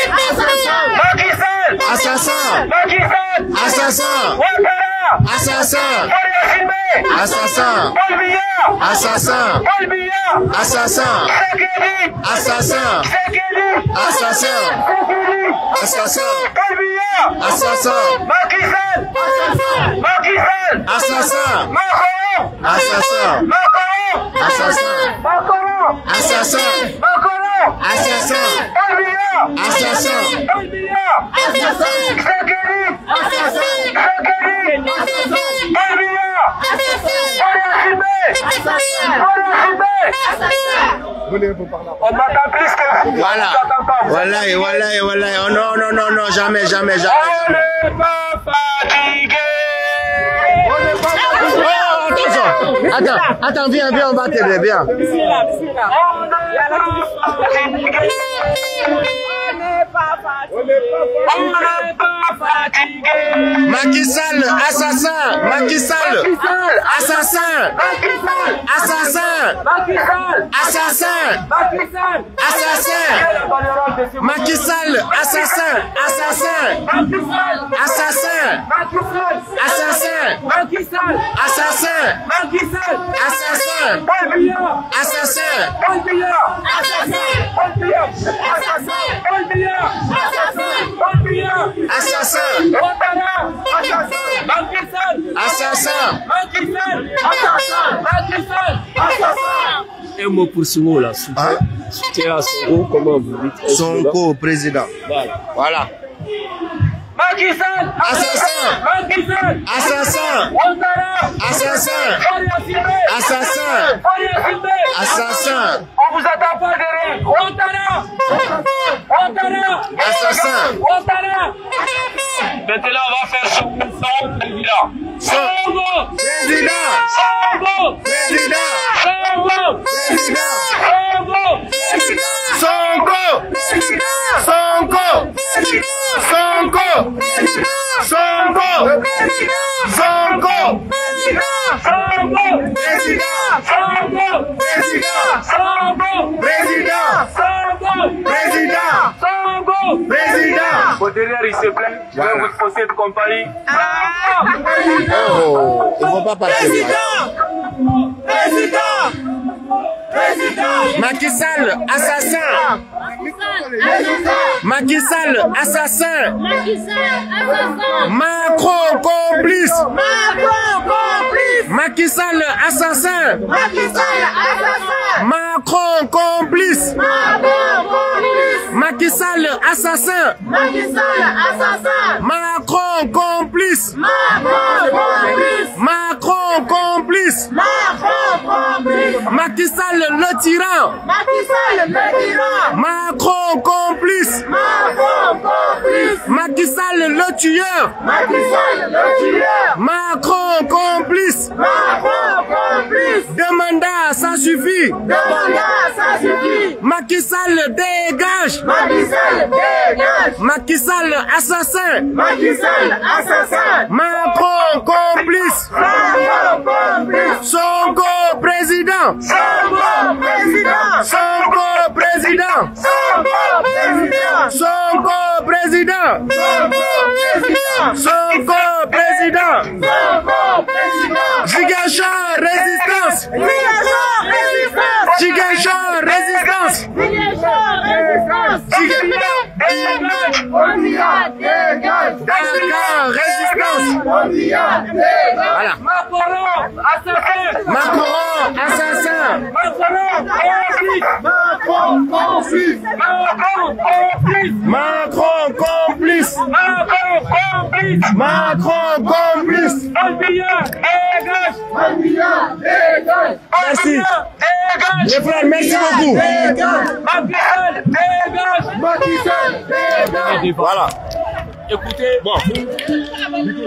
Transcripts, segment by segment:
Assassin Assassin Assassin Assassin Assassin Assassin Assassin Assassin Assassin Assassin Assassin Assassin On m'attend plus que Voilà. voilà, voilà, voilà. Oh, non, non, non, non, jamais, jamais, jamais. On n'est pas On pas fatigué. Attends, attends, viens, viens, on va t'aider, viens. Macky Sall, assassin Macky Sall, assassin Assassin Assassin Assassin Macky Sall, assassin Assassin Assassin Assassin Assassin Assassin Assassin Assassin mot pour mot là. Soutien, hein? Ah. soutien à Sonko, comment vous dites Sonko, président. Voilà. voilà. Assassin Assassin Assassin Assassin Assassin On vous attend pas derrière Ouattara Ouattara Assassin Ouattara Maintenant, on va faire chanter sans président. Sans président. Sans président. Sans président. Sans président. compagnie. Ah. Oh, Président Président Président Macky Sall, assassin Macky Sall, assassin Macron, complice Macron, complice Macky Sall, assassin assassin Macron, complice Macky Sall, assassin. Macky assassin. Macron, complice. Macron, complice. Macron, complice. Macron, complice. Macky le tyran. Macky le tyran. Macron, complice. Macron, complice. Macky le tueur. Macky le tueur. Macron, complice. Macron, complice mandats, ça suffit. Deux mandats, ça suffit. Macky Sall dégage. Macky Sall dégage. Macky Sall assassin. Macky Sall assassin. Macron complice. Macron complice. Son Sonko président. Son Sonko président. Son Sonko président. Sonko président. Sonko président. Sonko président. Sonko président. Son président. président. Ziguinchor résistance résistance y a résistance! résistance y a Voilà Macron assassin Macron assassin Macron Macron complice complice Macron complice complice Macron complice Merci Les frères, merci beaucoup Voilà Écoutez, bon. Il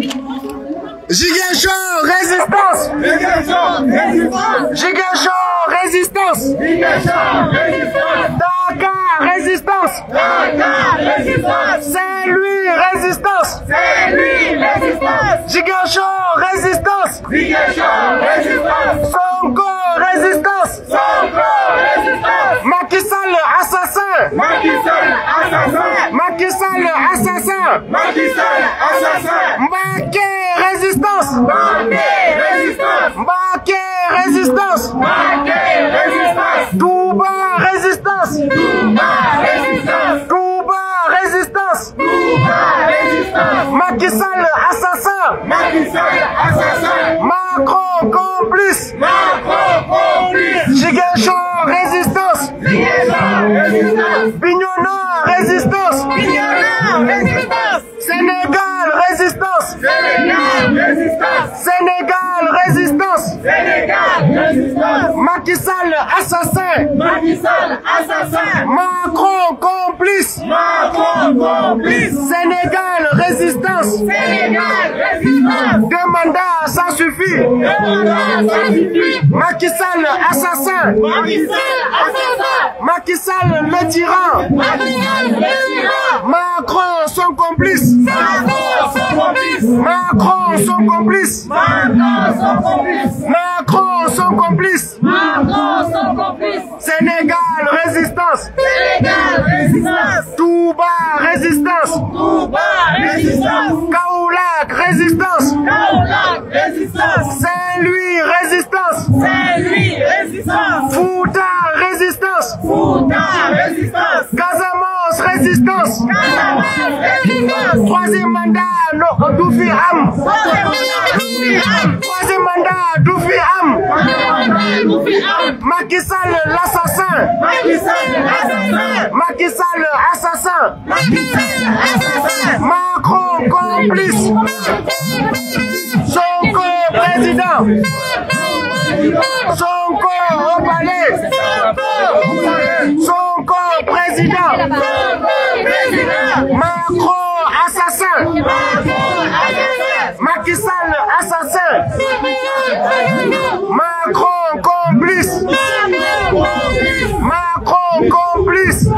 il Gigachon, résistance Gigachon, résistance Gigachon, résistance Gigachon, résistance Dakar, résistance Dakar, résistance C'est lui, résistance C'est lui, résistance Gigachon, résistance Gigachon, résistance Sonko, résistance Sonko, résistance Macky Sall, Macky assassin Macky assassin Macky assassin Mbacké résistance Mbacké résistance Mbacké résistance Mbacké résistance Douba, résistance Douba, résistance Douba, résistance Douba, résistance Macky assassin Macky assassin Macron complice Macron complice Ziguinchor résistance. Bignona, résistance. résistance. Sénégal, résistance. Sénégal, résistance. Sénégal, résistance. Sénégal, résistance. Macky Sall, assassin. Macky Sall, assassin. Macron, complice. Macron, complice. Sénégal, résistance. Sénégal, résistance ça suffit. Macky Sall, assassin. Macky Sall, le tyran. Macron, son complice. Macron, son complice. Macron, son complice. son complice. Sénégal, résistance. Sénégal, résistance. Touba, résistance. Touba, résistance résistance. Saint-Louis résistance. C'est lui résistance. Fouta résistance. Fouta résistance. Casamance résistance. Casamance résistance. Troisième mandat, non Doufi Ham. Troisième mandat, Doufi Ham. Macky Sall l'assassin. Macky Sall l'assassin. assassin. Macky Sall assassin. Macron complice président Son corps au palais Son corps président Macron assassin Macky Sall assassin Macron complice Macron complice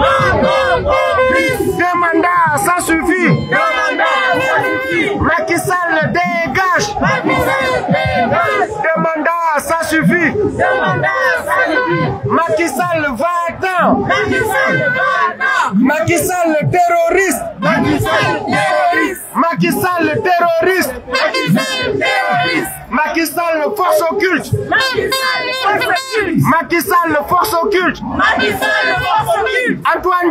suffit. Ce va le terroriste. Macky le terroriste. le terroriste. Macky le le force occulte. le force occulte. le force Antoine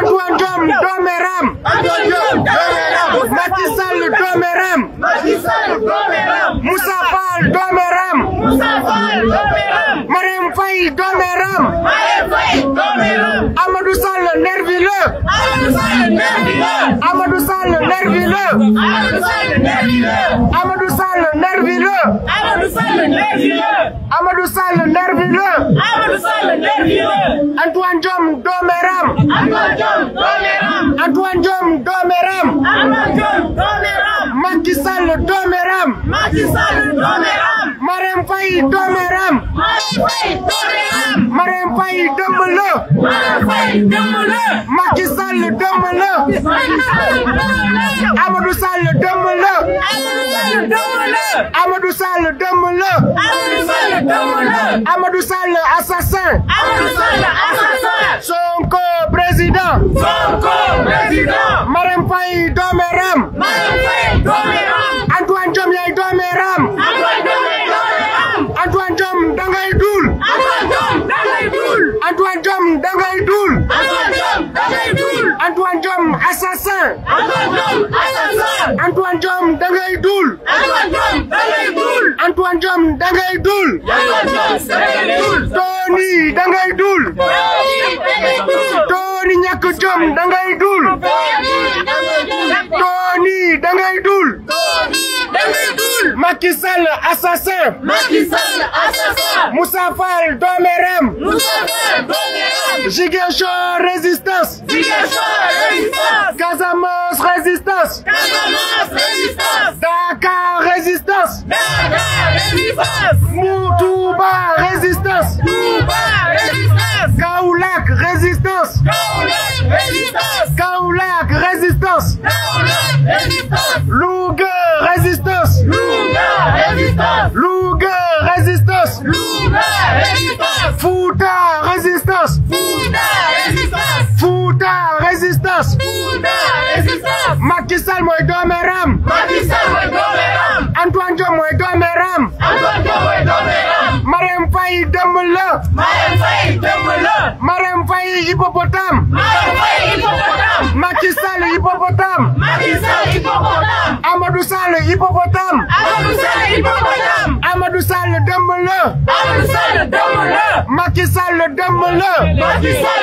Antoine Domerem. Moussa Fall Domerem. Mariam Faye Domerem. Amadou Sall Amadou Sall Amadou Sall Amadou Sall Antoine Antoine Diom Domerem. Antoine Macky Sall doome ram Macky Sall doome ram Marème Faye doome ram Marème Faye doome ram Marème Amadou Sall dëmm Amadou Sall dëmm Amadou Sall assassin Amadou Sall assassin Sonko président Sonko président Marème Faye doome Diome yaay doomi raam. Antoine Diome yaay doomi raam. Antoine Diome dangay duul. Antoine Diome dangay duul. Antoine Diome dangay duul. Antoine Diome dangay duul. Antoine Diome assassin. Antoine Diome assassin. Antoine Diome dangay duul. Antoine Diome dangay duul. Antoine Diome dangay duul. Antoine Diome dangay duul. Tony dangay duul. Tony ñàkk jom dangay duul. Macky Sall assassin. Macky Sall assassin. Moussa Fall Domerem. Moussa Fall résistance Ziguinchor résistance. Ziguinchor résistance. Casamance résistance. Casamance résistance. Dakar résistance. Dakar résistance. Moutouba résistance. Touba résistance. Kaoulak résistance. Kaoulak résistance. Kaoulak résistance. résistance. Fouta résistance. Macky Sall mooy doomu Ram. Macky Sall Ram. Antoine Diome mooy doomu Ram. Antoine Diome mooy doomu Ram. Marème Faye dëmb la. Marème Faye dëmb la. Faye hippopotame. Marème Faye hippopotame. Macky hippopotame. Macky hippopotame. Amadou Sall hippopotame. Amadou Sall hippopotame. Amadou la. Aliou Sall dem la. Macky Sall dem la. Macky Sall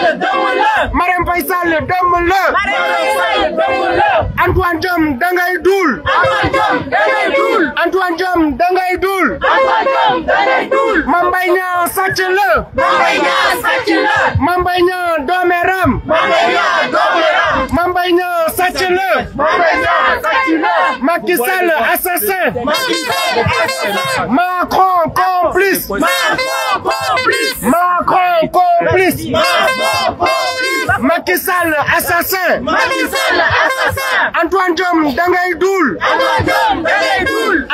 assassin Macron, complice Macron, complice assassin Antoine Jom dangay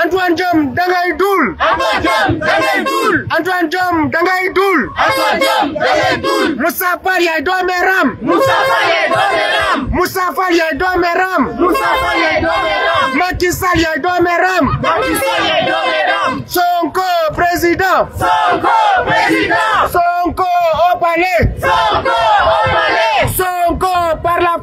Antoine Jom Antoine Diom, dangay Antoine Diom, Antoine Moussa Fall yaay doomeram. Moussa Fall yaay Sonko président. Sonko président. Sonko au palais. Sonko.